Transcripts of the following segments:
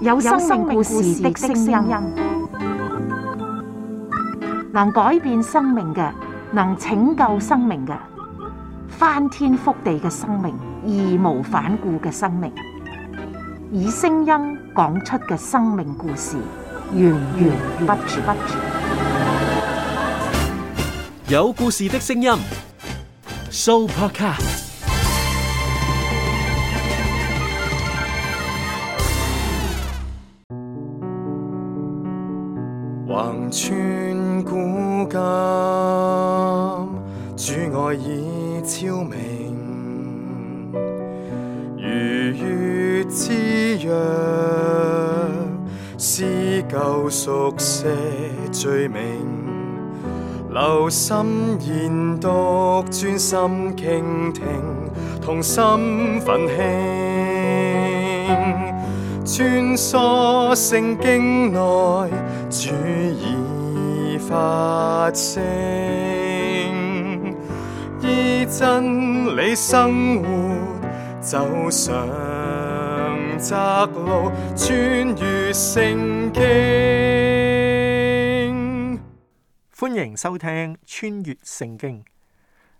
有生命故事的聲音，能改變生命嘅，能拯救生命嘅，翻天覆地嘅生命，義無反顧嘅生命，以聲音講出嘅生命故事，源源不絕。有故事的聲音，Sooopodcast。穿古今，主愛已超明。如月之約，撕舊熟寫罪名。留心研讀，專心傾聽，同心奮興。穿梭聖經內，主已發聲，依真理生活，走上窄路，穿越聖經。歡迎收聽《穿越聖經》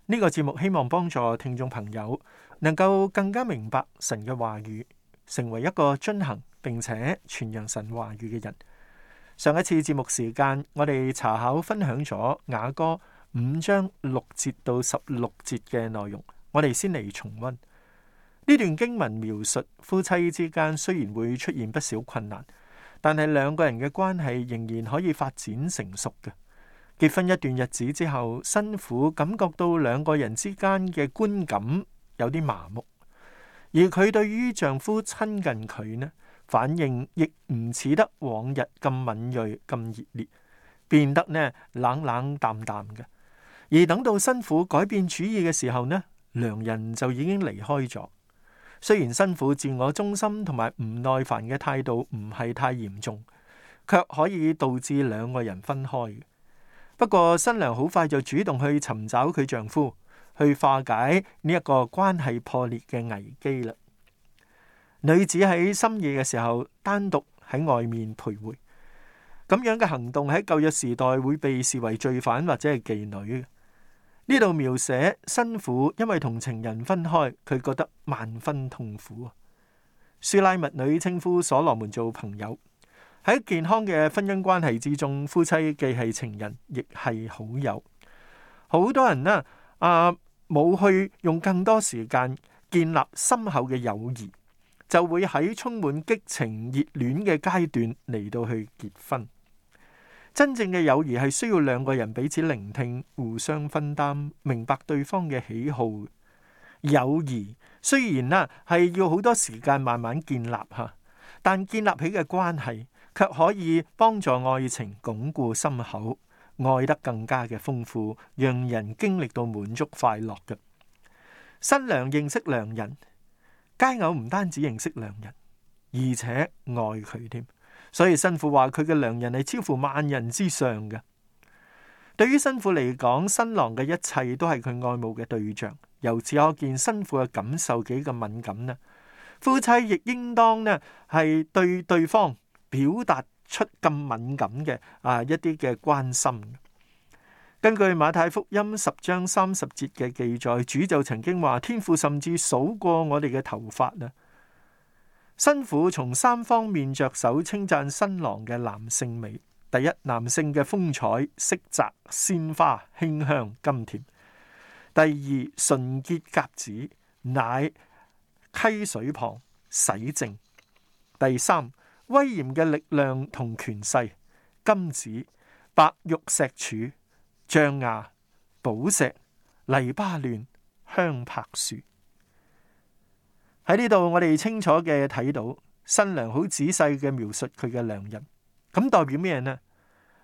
呢個節目，希望幫助聽眾朋友能夠更加明白神嘅話語，成為一個遵行，並且傳揚神話語嘅人。上一次節目時間，我哋查考分享咗雅歌五章六節到十六節嘅內容。我哋先嚟重溫。呢段經文描述，夫妻之間雖然會出現不少困難，但係兩個人嘅關係仍然可以發展成熟嘅。結婚一段日子之後，辛苦感覺到兩個人之間嘅觀感有啲麻木，而佢對於丈夫親近佢呢？反應亦唔似得往日咁敏銳、咁熱烈，變得呢冷冷淡淡嘅。而等到新婦改變主意嘅時候呢，良人就已經離開咗。雖然新婦自我中心同埋唔耐煩嘅態度唔係太嚴重，卻可以導致兩個人分開。不過新娘好快就主動去尋找佢丈夫，去化解呢一個關係破裂嘅危機啦。女子喺深夜嘅時候單獨喺外面徘徊，咁樣嘅行動喺舊約時代會被視為罪犯或者係妓女。呢度描寫新婦，因為同情人分開，佢覺得萬分痛苦啊。書拉密女稱呼所羅門做朋友。喺健康嘅婚姻關係之中，夫妻既係情人，亦係好友。好多人呢啊冇去用更多時間建立深厚嘅友誼。就會喺充滿激情熱戀嘅階段嚟到去結婚。真正嘅友誼係需要兩個人彼此聆聽、互相分擔、明白對方嘅喜好。友誼雖然啦係要好多時間慢慢建立嚇，但建立起嘅關係卻可以幫助愛情鞏固深厚，愛得更加嘅豐富，讓人經歷到滿足快樂嘅新娘認識良人。佳偶唔單止認識良人，而且愛佢添，所以新婦話佢嘅良人係超乎萬人之上嘅。對於新婦嚟講，新郎嘅一切都係佢愛慕嘅對象，由此可見新婦嘅感受幾咁敏感啦。夫妻亦應當咧係對對方表達出咁敏感嘅啊一啲嘅關心。根據馬太福音十章三十節嘅記載，主就曾經話：天父甚至數過我哋嘅頭髮啦。新婦從三方面着手稱讚新郎嘅男性美：第一，男性嘅風采、色澤、鮮花、馨香、甘甜；第二，純潔鴿子，奶、溪水旁洗淨；第三，威嚴嘅力量同權勢，金子、白玉石柱。象牙、寶石、黎巴嫩香柏樹，喺呢度我哋清楚嘅睇到新娘好仔細嘅描述佢嘅良人，咁代表咩呢？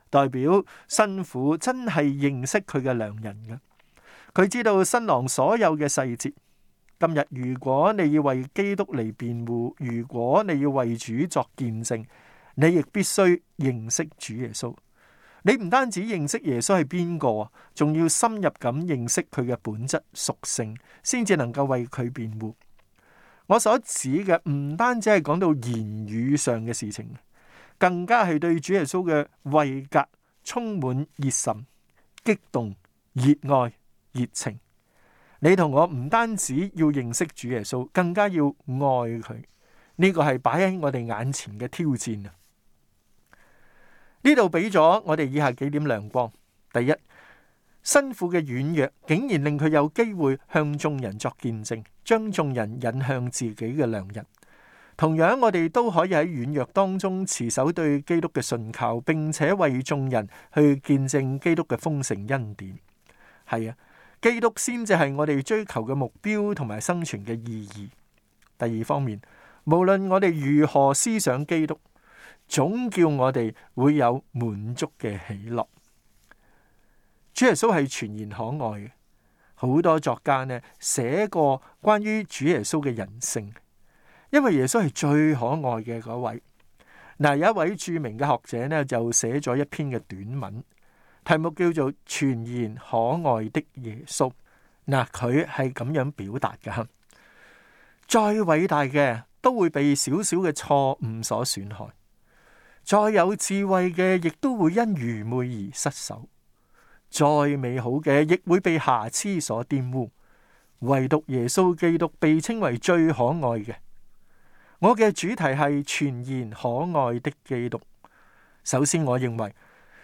代表新婦真係認識佢嘅良人噶，佢知道新郎所有嘅細節。今日如果你要為基督嚟辯護，如果你要為主作見證，你亦必須認識主耶穌。你唔單止認識耶穌係邊個啊，仲要深入咁認識佢嘅本質屬性，先至能夠為佢辯護。我所指嘅唔單止係講到言語上嘅事情，更加係對主耶穌嘅位格充滿熱心、激動、熱愛、熱情。你同我唔單止要認識主耶穌，更加要愛佢。呢、這個係擺喺我哋眼前嘅挑戰啊！呢度俾咗我哋以下幾點亮光。第一，新婦嘅軟弱竟然令佢有機會向眾人作見證，將眾人引向自己嘅良人。同樣，我哋都可以喺軟弱當中持守對基督嘅信靠，並且為眾人去見證基督嘅豐盛恩典。係啊，基督先至係我哋追求嘅目標同埋生存嘅意義。第二方面，無論我哋如何思想基督，總叫我哋會有滿足嘅喜樂。主耶穌係全然可愛嘅，好多作家呢寫過關於主耶穌嘅人性，因為耶穌係最可愛嘅嗰位。嗱，有一位著名嘅學者呢就寫咗一篇嘅短文，題目叫做《全然可愛的耶穌》。嗱，佢係咁樣表達嘅：再偉大嘅都會被少少嘅錯誤所損害。再有智慧嘅，亦都會因愚昧而失手；再美好嘅，亦會被瑕疵所玷污。唯獨耶穌基督被稱為最可愛嘅。我嘅主題係全然可愛的基督。首先，我認為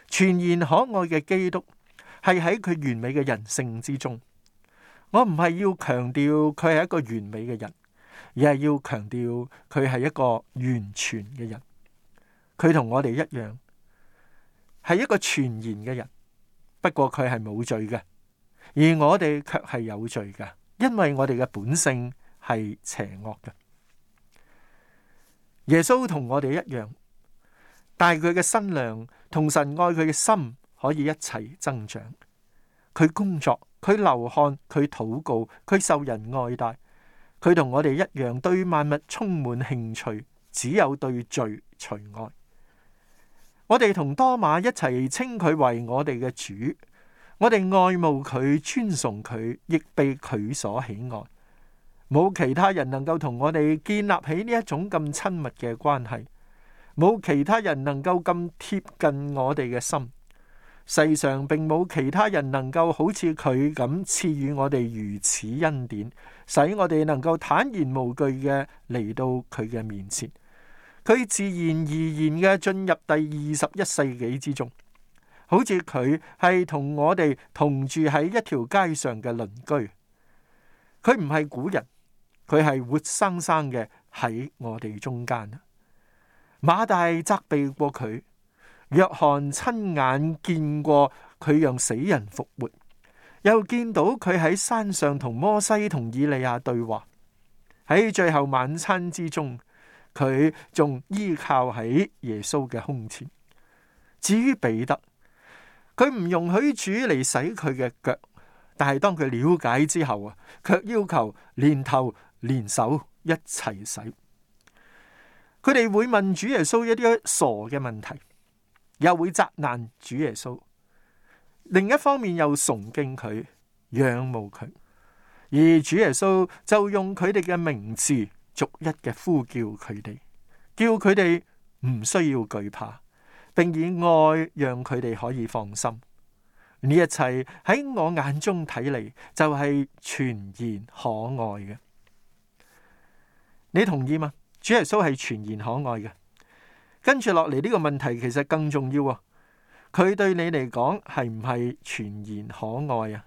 全然可愛嘅基督係喺佢完美嘅人性之中。我唔係要強調佢係一個完美嘅人，而係要強調佢係一個完全嘅人。佢同我哋一樣係一個全然嘅人，不過佢係冇罪嘅，而我哋卻係有罪嘅，因為我哋嘅本性係邪惡嘅。耶穌同我哋一樣，但係佢嘅身量同神愛佢嘅心可以一齊增長。佢工作，佢流汗，佢禱告，佢受人愛戴。佢同我哋一樣對萬物充滿興趣，只有對罪除外。我哋同多馬一齊稱佢為我哋嘅主，我哋愛慕佢、尊崇佢，亦被佢所喜愛。冇其他人能夠同我哋建立起呢一種咁親密嘅關係，冇其他人能夠咁貼近我哋嘅心。世上並冇其他人能夠好似佢咁賜予我哋如此恩典，使我哋能夠坦然無懼嘅嚟到佢嘅面前。佢自然而然嘅進入第二十一世紀之中，好似佢係同我哋同住喺一條街上嘅鄰居。佢唔係古人，佢係活生生嘅喺我哋中間。馬大責備過佢，約翰親眼見過佢讓死人復活，又見到佢喺山上同摩西同以利亞對話。喺最後晚餐之中，佢仲依靠喺耶穌嘅胸前。至於彼得，佢唔容許主嚟洗佢嘅腳，但係當佢了解之後啊，卻要求連頭連手一齊洗。佢哋會問主耶穌一啲傻嘅問題，又會責難主耶穌。另一方面又崇敬佢，仰慕佢，而主耶穌就用佢哋嘅名字。逐一嘅呼叫佢哋，叫佢哋唔需要懼怕，並以愛讓佢哋可以放心。呢一切喺我眼中睇嚟就係全然可愛嘅。你同意嗎？主耶穌係全然可愛嘅。跟住落嚟呢個問題其實更重要啊！佢對你嚟講係唔係全然可愛啊？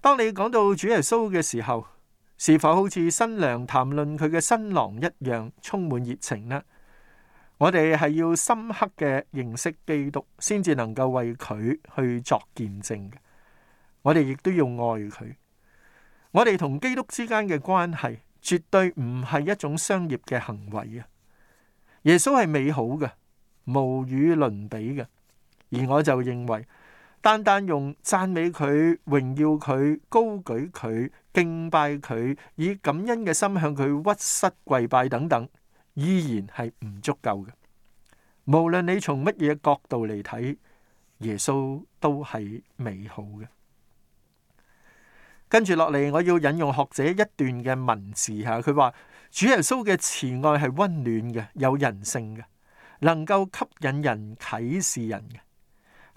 當你講到主耶穌嘅時候。是否好似新娘談論佢嘅新郎一樣充滿熱情呢？我哋係要深刻嘅認識基督，先至能夠為佢去作見證。我哋亦都要愛佢。我哋同基督之間嘅關係絕對唔係一種商業嘅行為啊！耶穌係美好嘅，無與倫比嘅。而我就認為。單單用讚美佢、榮耀佢、高舉佢、敬拜佢，以感恩嘅心向佢屈膝跪拜等等，依然係唔足夠嘅。無論你從乜嘢角度嚟睇，耶穌都係美好嘅。跟住落嚟，我要引用學者一段嘅文字吓，佢話：主耶穌嘅慈愛係溫暖嘅，有人性嘅，能夠吸引人、啟示人嘅。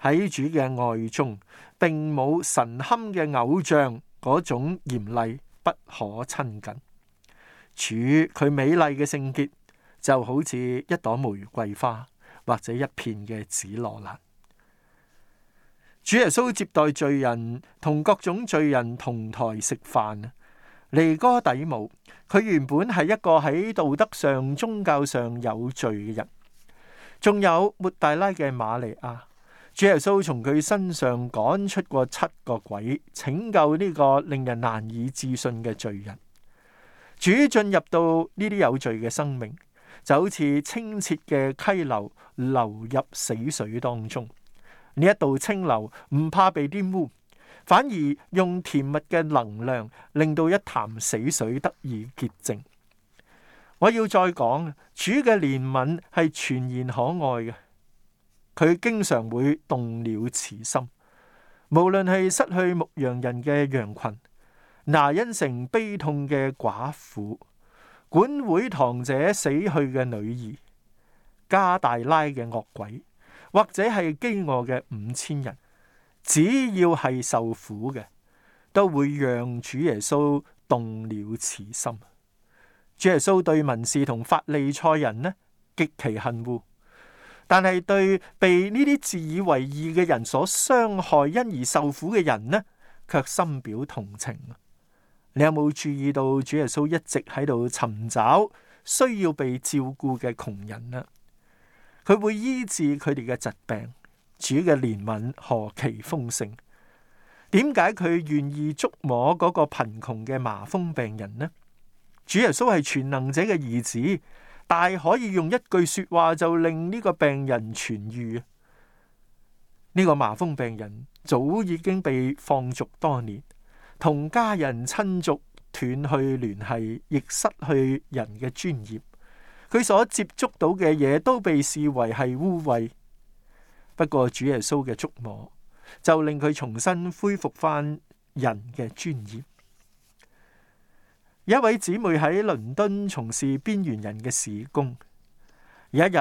喺主嘅愛中，並冇神龕嘅偶像嗰種嚴厲不可親近。主佢美麗嘅聖潔就好似一朵玫瑰花或者一片嘅紫羅蘭。主耶穌接待罪人，同各種罪人同台食飯。尼哥底母，佢原本係一個喺道德上、宗教上有罪嘅人。仲有抹大拉嘅瑪利亞。主耶穌從佢身上趕出過七個鬼，拯救呢個令人難以置信嘅罪人。主進入到呢啲有罪嘅生命，就好似清澈嘅溪流流入死水當中。呢一道清流唔怕被玷污，反而用甜蜜嘅能量令到一潭死水得以潔淨。我要再講，主嘅憐憫係全然可愛嘅。佢經常會動了慈心，無論係失去牧羊人嘅羊群、拿因城悲痛嘅寡婦、管會堂者死去嘅女兒、加大拉嘅惡鬼，或者係飢餓嘅五千人，只要係受苦嘅，都會讓主耶穌動了慈心。主耶穌對文士同法利賽人呢，極其恨惡。但係對被呢啲自以為義嘅人所傷害因而受苦嘅人呢，卻深表同情。你有冇注意到主耶穌一直喺度尋找需要被照顧嘅窮人呢？佢會醫治佢哋嘅疾病。主嘅憐憫何其豐盛。點解佢願意觸摸嗰個貧窮嘅麻風病人呢？主耶穌係全能者嘅兒子。但可以用一句說話就令呢個病人痊癒。呢個麻風病人早已經被放逐多年，同家人親族斷去聯繫，亦失去人嘅尊嚴。佢所接觸到嘅嘢都被視為係污穢。不過主耶穌嘅觸摸就令佢重新恢復翻人嘅尊嚴。一位姊妹喺倫敦從事邊緣人嘅事工。有一日，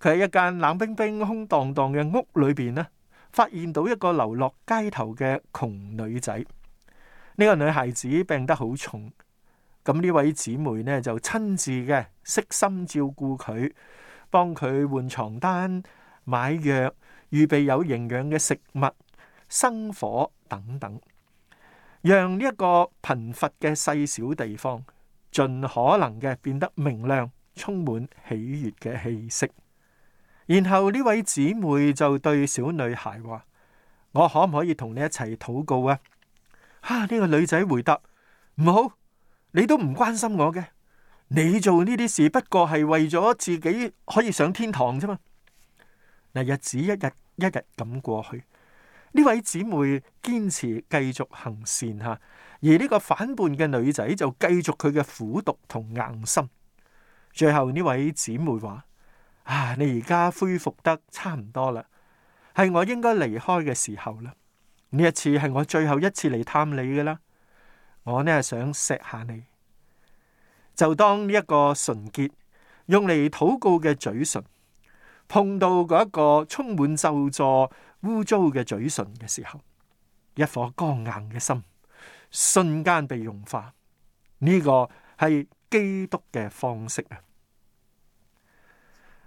佢喺一間冷冰冰、空蕩蕩嘅屋裏邊咧，發現到一個流落街頭嘅窮女仔。呢、這個女孩子病得好重，咁呢位姊妹呢就親自嘅悉心照顧佢，幫佢換床單、買藥、預備有營養嘅食物、生火等等。讓呢一個貧乏嘅細小地方盡可能嘅變得明亮，充滿喜悅嘅氣息。然後呢位姐妹就對小女孩話：我可唔可以同你一齊禱告啊？哈、啊！呢個女仔回答：唔好，你都唔關心我嘅，你做呢啲事不過係為咗自己可以上天堂啫嘛。嗱，日子一日一日咁過去。呢位姊妹堅持繼續行善吓，而呢個反叛嘅女仔就繼續佢嘅苦毒同硬心。最後呢位姊妹話：啊，你而家恢復得差唔多啦，係我應該離開嘅時候啦。呢一次係我最後一次嚟探你㗎喇。我呢係想錫下你，就當呢一個純潔用嚟禱告嘅嘴唇，碰到嗰一個充滿咒詛。污糟嘅嘴唇嘅時候，一顆剛硬嘅心瞬間被融化。呢、這個係基督嘅方式啊！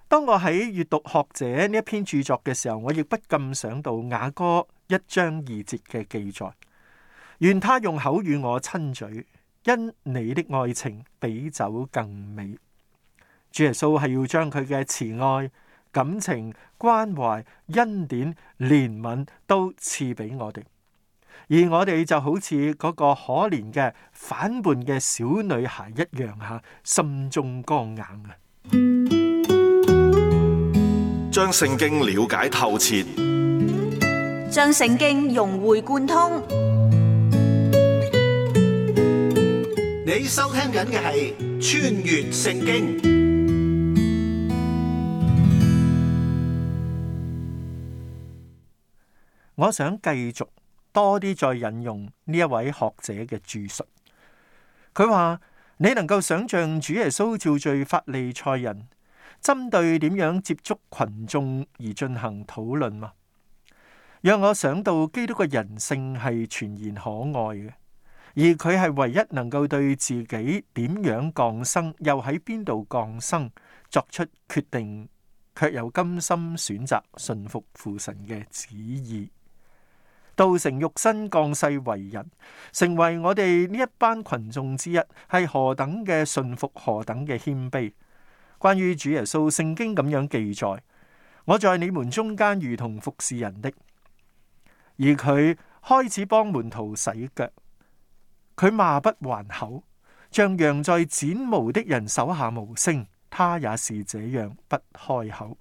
當我喺閱讀學者呢一篇著作嘅時候，我亦不禁想到雅歌一章二節嘅記載：願他用口與我親嘴，因你的愛情比酒更美。主耶穌係要將佢嘅慈愛、感情、關懷、恩典、憐憫都賜俾我哋，而我哋就好似嗰個可憐嘅反叛嘅小女孩一樣，吓心中剛硬啊！將聖經了解透徹，將聖經融會貫通。你收聽緊嘅係《穿越聖經》。我想繼續多啲再引用呢一位學者嘅注述。佢話：你能夠想象主耶穌召聚法利賽人，針對點樣接觸群眾而進行討論嗎？讓我想到基督嘅人性係全然可愛嘅，而佢係唯一能夠對自己點樣降生，又喺邊度降生作出決定，卻又甘心選擇順服父神嘅旨意。道成肉身降世為人，成為我哋呢一班群眾之一，係何等嘅信服，何等嘅謙卑。關於主耶穌，聖經咁樣記載，我在你們中間如同服侍人的。而佢開始幫門徒洗腳，佢罵不還口，像羊在剪毛的人手下無聲，他也是這樣不開口。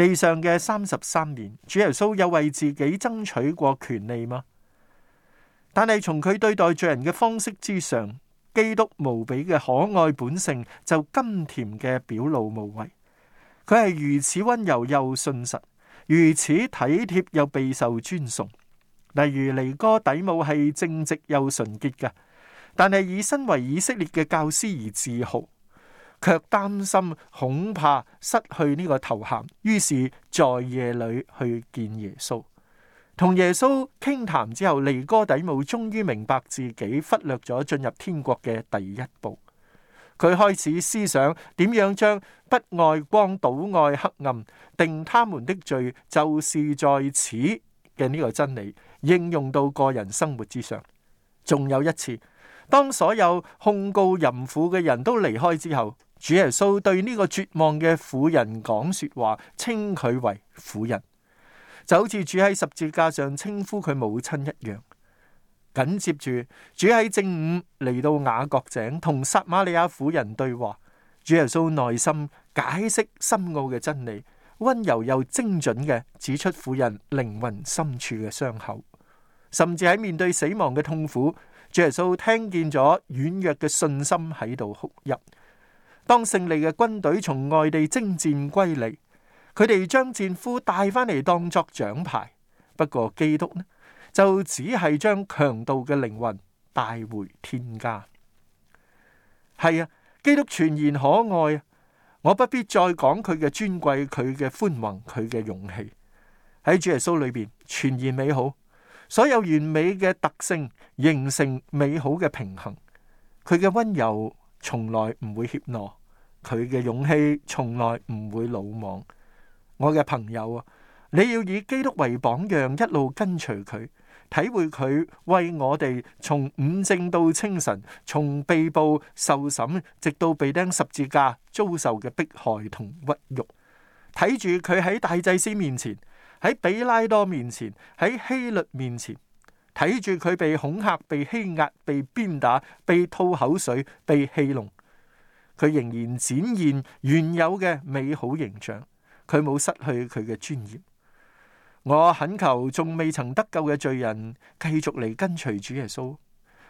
地上嘅三十三年，主耶穌有為自己爭取過權利嗎？但係從佢對待罪人嘅方式之上，基督無比嘅可愛本性就甘甜嘅表露無遺。佢係如此溫柔又信實，如此體貼又備受尊崇。例如尼哥底母係正直又純潔嘅，但係以身為以色列嘅教師而自豪。卻擔心，恐怕失去呢個頭銜，於是在夜裏去見耶穌，同耶穌傾談，談之後，尼哥底母終於明白自己忽略咗進入天國嘅第一步。佢開始思想點樣將不愛光倒愛黑暗、定他們的罪就是在此嘅呢個真理應用到個人生活之上。仲有一次，當所有控告淫婦嘅人都離開之後。主耶穌對呢個絕望嘅婦人講說話，稱佢為婦人，就好似主喺十字架上稱呼佢母親一樣。緊接住，主喺正午嚟到雅各井，同撒瑪利亞婦人對話。主耶穌耐心解釋深奧嘅真理，溫柔又精準嘅指出婦人靈魂深處嘅傷口，甚至喺面對死亡嘅痛苦，主耶穌聽見咗軟弱嘅信心喺度哭泣。當勝利嘅軍隊從外地征戰歸嚟，佢哋將戰俘帶翻嚟當作獎牌。不過基督呢，就只係將強盜嘅靈魂帶回天家。係啊，基督全然可愛啊！我不必再講佢嘅尊貴、佢嘅寬宏、佢嘅勇氣。喺主耶穌裏邊，全然美好，所有完美嘅特性形成美好嘅平衡。佢嘅溫柔從來唔會怯懦。佢嘅勇氣從來唔會魯莽，我嘅朋友啊，你要以基督為榜樣，一路跟隨佢，體會佢為我哋從午正到清晨，從被捕受審，直到被釘十字架，遭受嘅迫害同屈辱，睇住佢喺大祭司面前，喺比拉多面前，喺希律面前，睇住佢被恐嚇、被欺壓、被鞭打、被吐口水、被戲弄。佢仍然展現原有嘅美好形象，佢冇失去佢嘅尊嚴。我懇求仲未曾得救嘅罪人繼續嚟跟隨主耶穌，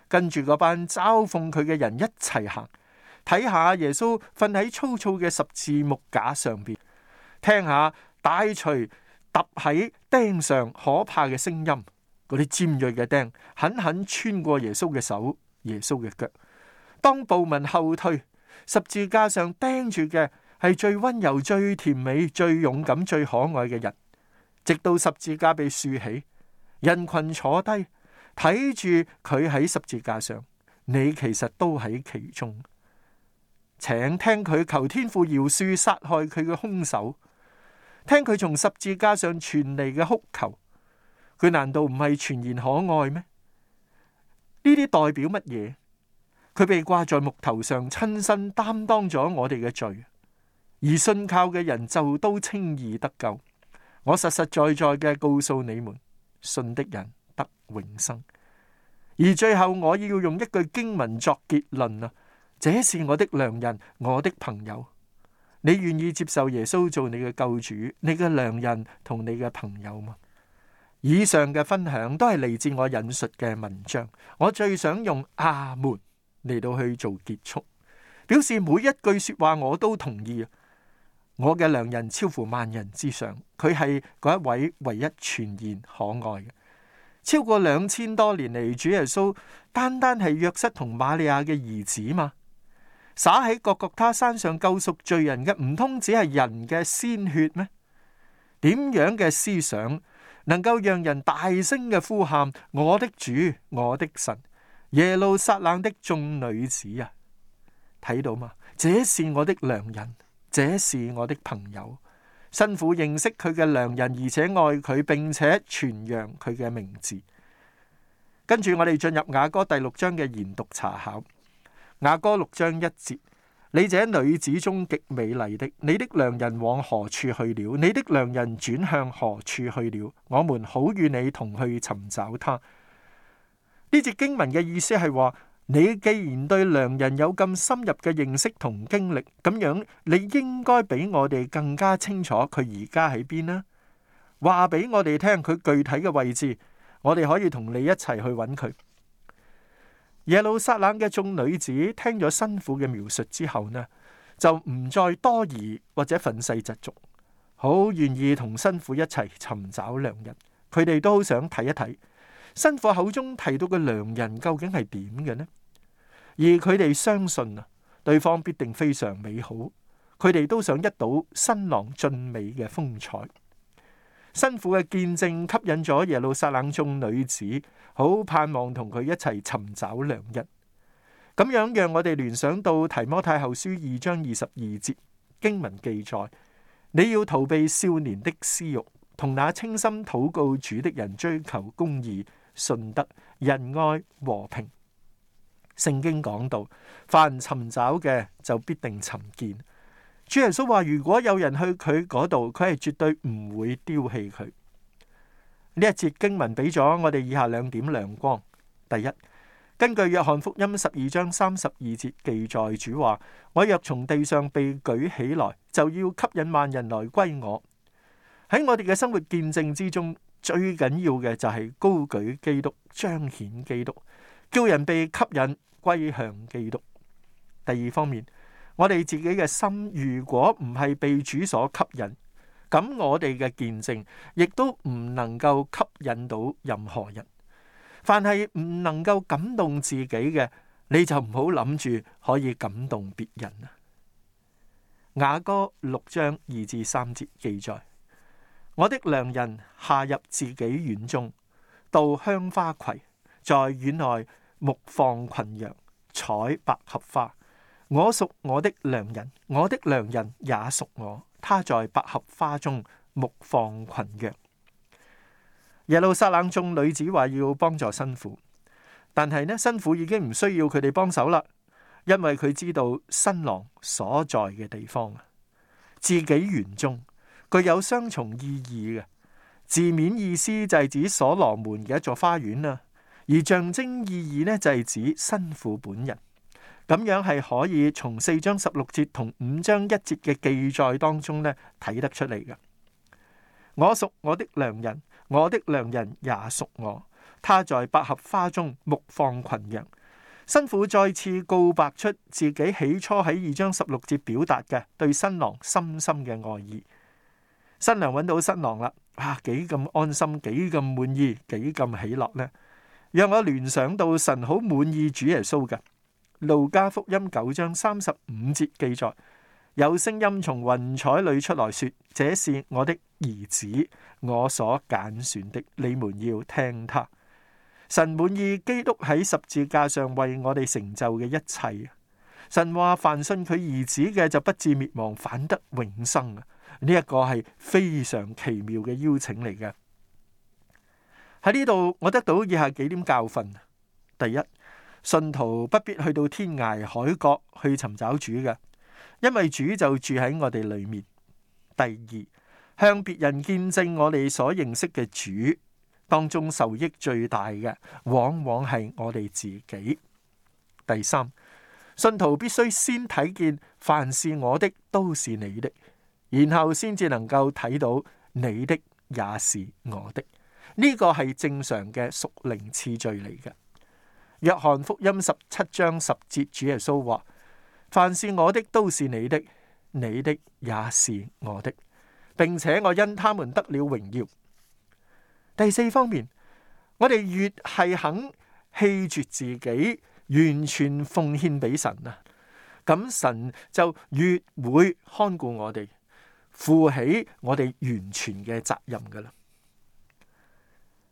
跟住嗰班嘲諷佢嘅人一齊行，睇下耶穌瞓喺粗糙嘅十字木架上邊，聽下大錘揼喺釘上可怕嘅聲音，嗰啲尖銳嘅釘狠狠穿過耶穌嘅手、耶穌嘅腳。當暴民後退，十字架上釘住嘅係最溫柔、最甜美、最勇敢、最可愛嘅人。直到十字架被豎起，人群坐低睇住佢喺十字架上，你其實都喺其中。請聽佢求天父饒恕殺害佢嘅兇手，聽佢從十字架上傳嚟嘅哭求。佢難道唔係全然可愛咩？呢啲代表乜嘢？佢被掛在木頭上，親身擔當咗我哋嘅罪，而信靠嘅人就都輕易得救。我實實在在嘅告訴你們，信的人得永生。而最後我要用一句經文作結論啊，這是我的良人，我的朋友。你願意接受耶穌做你嘅救主、你嘅良人同你嘅朋友嗎？以上嘅分享都係嚟自我引述嘅文章。我最想用阿門。嚟到去做結束，表示每一句說話我都同意。我嘅良人超乎萬人之上，佢係嗰一位唯一全然可愛嘅。超過兩千多年嚟，主耶穌單單係約瑟同瑪利亞嘅兒子嘛？灑喺各各他山上救贖罪人嘅，唔通只係人嘅鮮血咩？點樣嘅思想能夠讓人大聲嘅呼喊？我的主，我的神。耶路撒冷的眾女子啊，睇到嘛？這是我的良人，這是我的朋友，辛苦認識佢嘅良人，而且愛佢，並且傳揚佢嘅名字。跟住我哋進入雅歌第六章嘅研讀查考，雅歌六章一節：你這女子中極美麗的，你的良人往何處去了？你的良人轉向何處去了？我們好與你同去尋找他。呢隻經文嘅意思係話，你既然對良人有咁深入嘅認識同經歷，咁樣你應該比我哋更加清楚佢而家喺邊呢。話俾我哋聽佢具體嘅位置，我哋可以同你一齊去揾佢。耶路撒冷嘅眾女子聽咗辛苦嘅描述之後呢，就唔再多疑或者憤世嫉俗，好願意同辛苦一齊尋找良人。佢哋都好想睇一睇。新婦口中提到嘅良人究竟係點嘅呢？而佢哋相信啊，對方必定非常美好，佢哋都想一睹新郎俊美嘅風采。新婦嘅見證吸引咗耶路撒冷眾女子，好盼望同佢一齊尋找良人。咁樣讓我哋聯想到提摩太後書二章二十二節經文記載：你要逃避少年的私欲，同那清心禱告主的人追求公義。信德、仁愛、和平。聖經講到，凡尋找嘅就必定尋見。主耶穌話：如果有人去佢嗰度，佢係絕對唔會丟棄佢。呢一節經文俾咗我哋以下兩點亮光：第一，根據約翰福音十二章三十二節記載，主話：我若從地上被舉起來，就要吸引萬人來歸我。喺我哋嘅生活見證之中。最緊要嘅就係高舉基督，彰顯基督，叫人被吸引歸向基督。第二方面，我哋自己嘅心如果唔係被主所吸引，咁我哋嘅見證亦都唔能夠吸引到任何人。凡係唔能夠感動自己嘅，你就唔好諗住可以感動別人啊。雅歌六章二至三節記載。我的良人下入自己園中，到香花畦，在園內牧放群羊，採百合花。我屬我的良人，我的良人也屬我。他在百合花中牧放群羊。耶路撒冷眾女子話要幫助新婦，但係呢新婦已經唔需要佢哋幫手啦，因為佢知道新郎所在嘅地方啊，自己園中。具有雙重意義嘅，字面意思就係指所羅門嘅一座花園啦，而象徵意義呢，就係指新婦本人。咁樣係可以從四章十六節同五章一節嘅記載當中呢睇得出嚟嘅。我屬我的良人，我的良人也屬我。他在百合花中牧放群羊，新婦再次告白出自己起初喺二章十六節表達嘅對新郎深深嘅愛意。新娘揾到新郎啦，哇！幾咁安心，幾咁滿意，幾咁喜樂呢！讓我聯想到神好滿意主耶穌嘅。路加福音九章三十五節記載：有聲音從雲彩裡出來說：這是我的兒子，我所揀選的，你們要聽他。神滿意基督喺十字架上為我哋成就嘅一切。神話凡信佢兒子嘅，就不至滅亡，反得永生啊！呢一個係非常奇妙嘅邀請嚟嘅。喺呢度，我得到以下幾點教訓：第一，信徒不必去到天涯海角去尋找主嘅，因為主就住喺我哋裏面；第二，向別人見證我哋所認識嘅主，當中受益最大嘅，往往係我哋自己；第三，信徒必須先睇見，凡是我的，都是你的。然後先至能夠睇到你的也是我的，呢、呢個係正常嘅屬靈次序嚟嘅。約翰福音十七章十節，主耶穌話：凡是我的都是你的，你的也是我的，並且我因他們得了榮耀。第四方面，我哋越係肯棄,棄絕自己，完全奉獻俾神啊，咁神就越會看顧我哋。負起我哋完全嘅責任噶啦。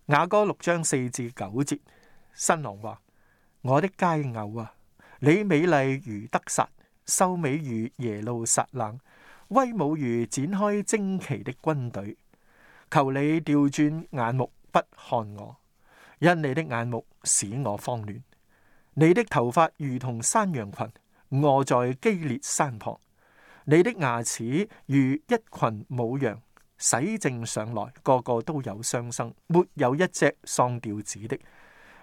雅歌六章四至九節，新郎話：我的佳偶啊，你美麗如得撒，秀美如耶路撒冷，威武如展開旌旗的軍隊。求你調轉眼目不看我，因你的眼目使我慌亂。你的頭髮如同山羊群卧在基列山旁。你的牙齒如一群母羊洗淨上來，個個都有雙生，沒有一隻喪掉子的。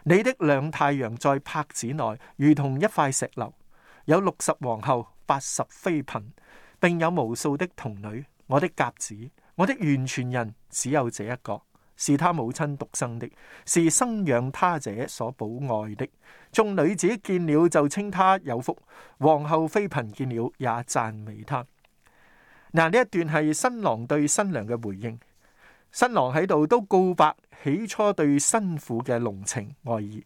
你的兩太陽在帕子內，如同一塊石榴。有六十王后、八十妃嬪，並有無數的童女。我的鴿子，我的完全人，只有這一個。是他母親獨生的，是生養他者所寶愛的。眾女子見了就稱他有福，皇后妃嬪見了也讚美他。嗱，呢一段係新郎對新娘嘅回應，新郎喺度都告白起初對新婦嘅濃情愛意。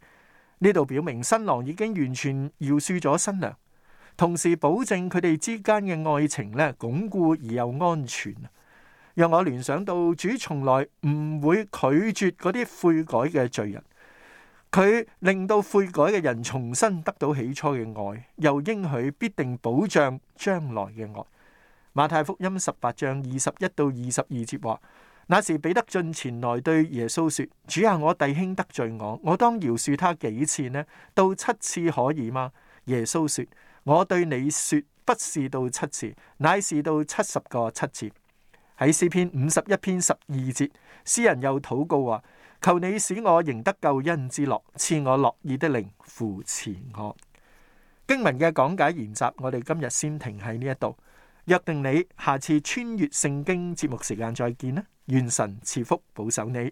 呢度表明新郎已經完全饒恕咗新娘，同時保證佢哋之間嘅愛情呢鞏固而又安全。讓我聯想到主從來唔會拒絕嗰啲悔改嘅罪人，佢令到悔改嘅人重新得到起初嘅愛，又應許必定保障將來嘅愛。馬太福音十八章二十一到二十二節話：那、嗯、時彼得進前來對耶穌說：主啊，我弟兄得罪我，我當饒恕他幾次呢？到七次可以嗎？耶穌說：我對你說，不是到七次，乃是到七十個七次。喺詩篇五十一篇十二節，詩人又禱告話：求你使我仍得救恩之樂，賜我樂意的靈扶持我。經文嘅講解研習，我哋今日先停喺呢一度，約定你下次穿越聖經節目時間再見啦！願神賜福保守你。